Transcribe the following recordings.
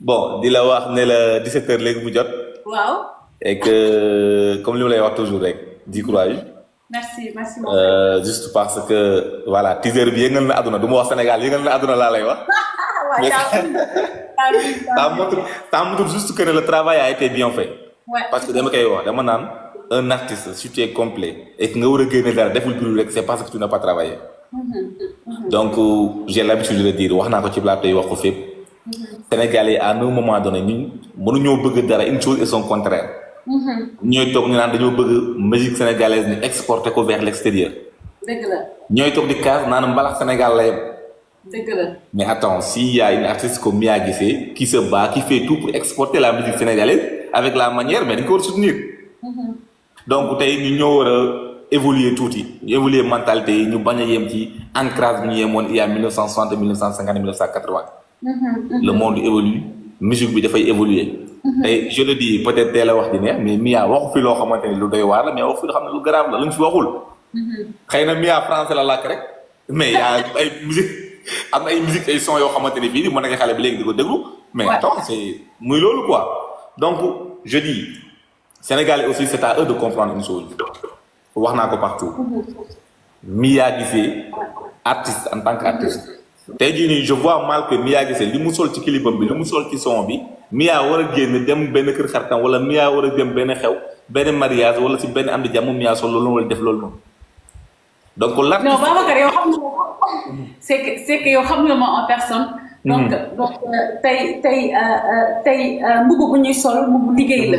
bon la 17 mu jot. waaw. et que comme li wax toujours rek merci merci euh, juste parce que voilà teaser bien, na wax Sénégal na lay wax. juste que le travail a été bien fait. parce que dama koy wax un artiste si tu es complet et que nga c'est parce que tu n'as pas travaillé. Mm-hmm. donc euh, j'ai l'habitude de le dire wax naa ko ci blaab tey wax ko les mm-hmm. Sénégalais à un moment donné ñu mënuñoo bëgg dara une chose et son contraire mm-hmm. ñooy toog ñu naan dañoo bëgg musique sénégalaise ni exporter ko vers l'extérieur dëgg la ñooy toog di kaas naan mbalax Sénégal la mais attends s'il y a une artiste comme Mia qui se bat qui fait tout pour exporter la musique sénégalaise avec la manière mais peut ko war soutenir donc tey ñu ñëw war évoluer tout, évoluer mentalité nous ñu bañ yem ci ancrage bi ñu il y a 1960 1950 1980. le mm-hmm. monde évolue musique bi dafay évoluer. Mm-hmm. et je le dis peut-être teel a wax di mais Mia waxu fi loo xamante ni lu doy waar mais waxu fi loo xam ne lu grave la luñ fi waxul. Mm-hmm. xëy à France français la làkk rek mais y ay musique am na ay musique ay son yo xamante ni fii di mën nga xale bi léegi déglu. mais attends c'est muy ou quoi donc je dis Sénégal aussi c'est à eux de comprendre une chose wax naa ko partout Mia Guissé artiste en tant qu'artiste artiste tey jii nii je vois mal que Mia Guissé li mu sol ci clipam bi li mu sol ci son bi Mia war a génn dem benn kër xartan wala Mia war a dem benn xew benn mariage wala si benn am di jàmm Mia sol loolu wala def loolu noonu donc l'artiste. non Babacar yow xam nga c'est que c'est que yow xam nga ma en personne. Hmm. donc donc euh, tey tey euh, euh, tey mbubb bu ñuy sol mbubb liggéey la.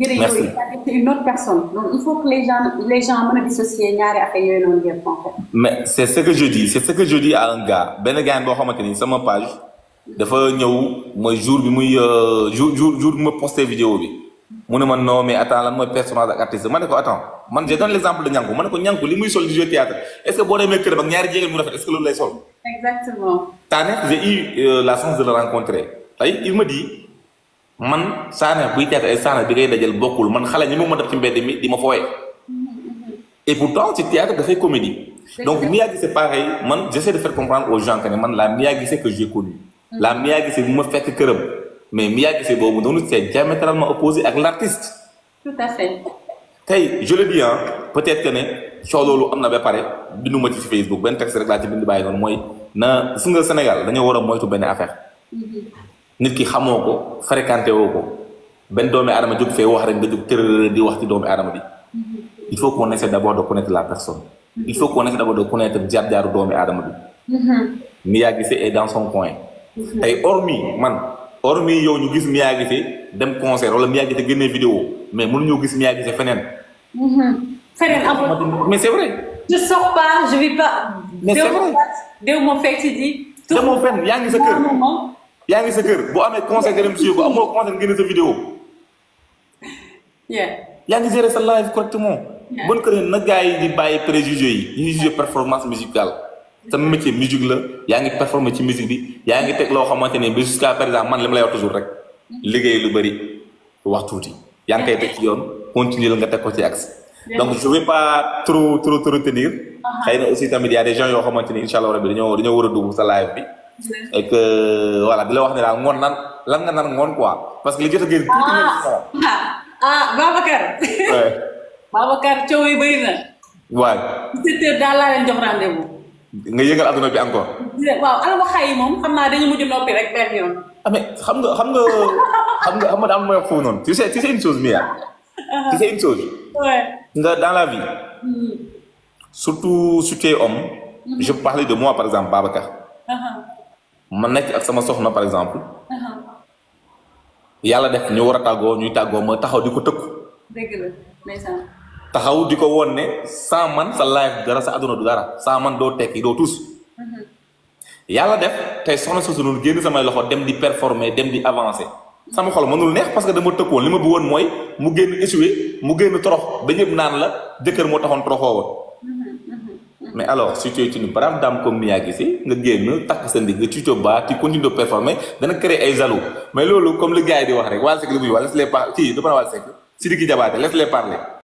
jure c'est une autre personne donc il faut que les gens les gens mën dissocient dissocier ñaari affaire yooyu noonu yëpp en fait. mais c'est ce que je dis c'est ce que je dis à un gars ben le gars boo xamante ni sama page fois ñëw mooy jour bi muy euh, jour jour jour bi ma posté vidéo oui mu ne non mais attends lan moi personnage ak artiste ma ne ko attends man je donne l'exemple de Ñanku ma ne ko Ñanku li muy sol di jouer théâtre est-ce que vous avez këram ak ñaari jigéen mu rafet est-ce que loolu lay sort exactement. Tane j'ai eu euh, la chance de le rencontrer ay il me dit man saane buy théâtre bi dajal et pourtant ci théâtre dafay comédie donc c'est pareil j'essaie de faire comprendre aux gens que la que j'ai connu. Mm. la Mia mais c'est diamétralement opposé à l'artiste tout à fait je le dis hein, peut-être que ne soo loolu ba Facebook texte rek ci bind na Sénégal dañoo war moytu affaire mm-hmm. nit ki xamoo ko fréquenté woo ko benn doomi aadama jóg fee wax rek nga jóg tërërër di wax ci doomi aadama bi mhm. il faut qu'on essaie d'abord de connaître la personne mhm. il faut qu'on essaie d'abord de connaître jaar-jaaru doomi aadama bi mhm. Mia Guissé est dans son coin tey hormis man hormis yow ñu gis Mia Guissé dem concert wala Mia Guissé génnee vidéo mais mënuñoo gis Mia Guissé feneen feneen mais c'est vrai je sors pas je vis pas mais c'est vrai déw ma fekk ci ji déw ma fenn yaa ngi yaa ngi sa kër bu amee conseil nga dem suivre ko amuloo conseil génne sa vidéo. yaa ngi gérer sa live correctement. moom que ne na yi di bàyyi préjugé yi ñuy jugé performance musicale sa métier musique la yaa ngi performer ci musique bi yaa ngi teg loo xamante ne ba jusqu'à par man li ma lay wax toujours rek liggéey lu bëri wax tuuti yaa ngi koy teg ci yoon continuer nga teg ko ci axe donc je vais pas trop trop trop tenir uh-huh. xëy na aussi tamit y a des gens yoo xamante ni incha allah rabi dañoo dañoo war a dugg sa live bi. et eh, que voilà di la wax ne daal ngoon nan lan nga nan ngoon quoi parce que li jot a génn ah Babacar Babacar coow yi bëri na waay sept heures daal laa leen jox rendez-vous nga yëgal aduna bi encore waaw ala waxa yi moom xam naa dañu mujj noppi rek benn yoon ah mais xam nga xam nga xam nga xam nga dama may wax tu sais tu sais une chose Mia tu sais une chose ouais nga dans la vie surtout si tu es homme je parlais de moi par exemple Babacar ma nekk ak sama soxna par exemple. Uh-huh. yàlla def ñu war a tàggoo ñuy tàggoo mooy taxaw di ko tëkku. dëgg la ndeysaan. taxaw di ko woon ne saa man sa life dara sa àdduna du dara saa man doo tekki doo tuus. Uh-huh. yàlla def tey soxna soosu noonu génn samay loxo dem di performer dem di avancer. sama xol mënul neex parce que dama tëkkoon li ma bëggoon mooy mu génn échoué mu génn torox ba ñëpp naan la jëkkër moo taxoon toroxoo woon. mais alors si tu es une brave dame comme Miyagisi nga génn takk sa ndig nga tuutoo ba tu continues de performer dana créer ay jaloux mais loolu comme le gars yi di wax rek Wally Seck li muy wax laisse les parler kii du ma la parler.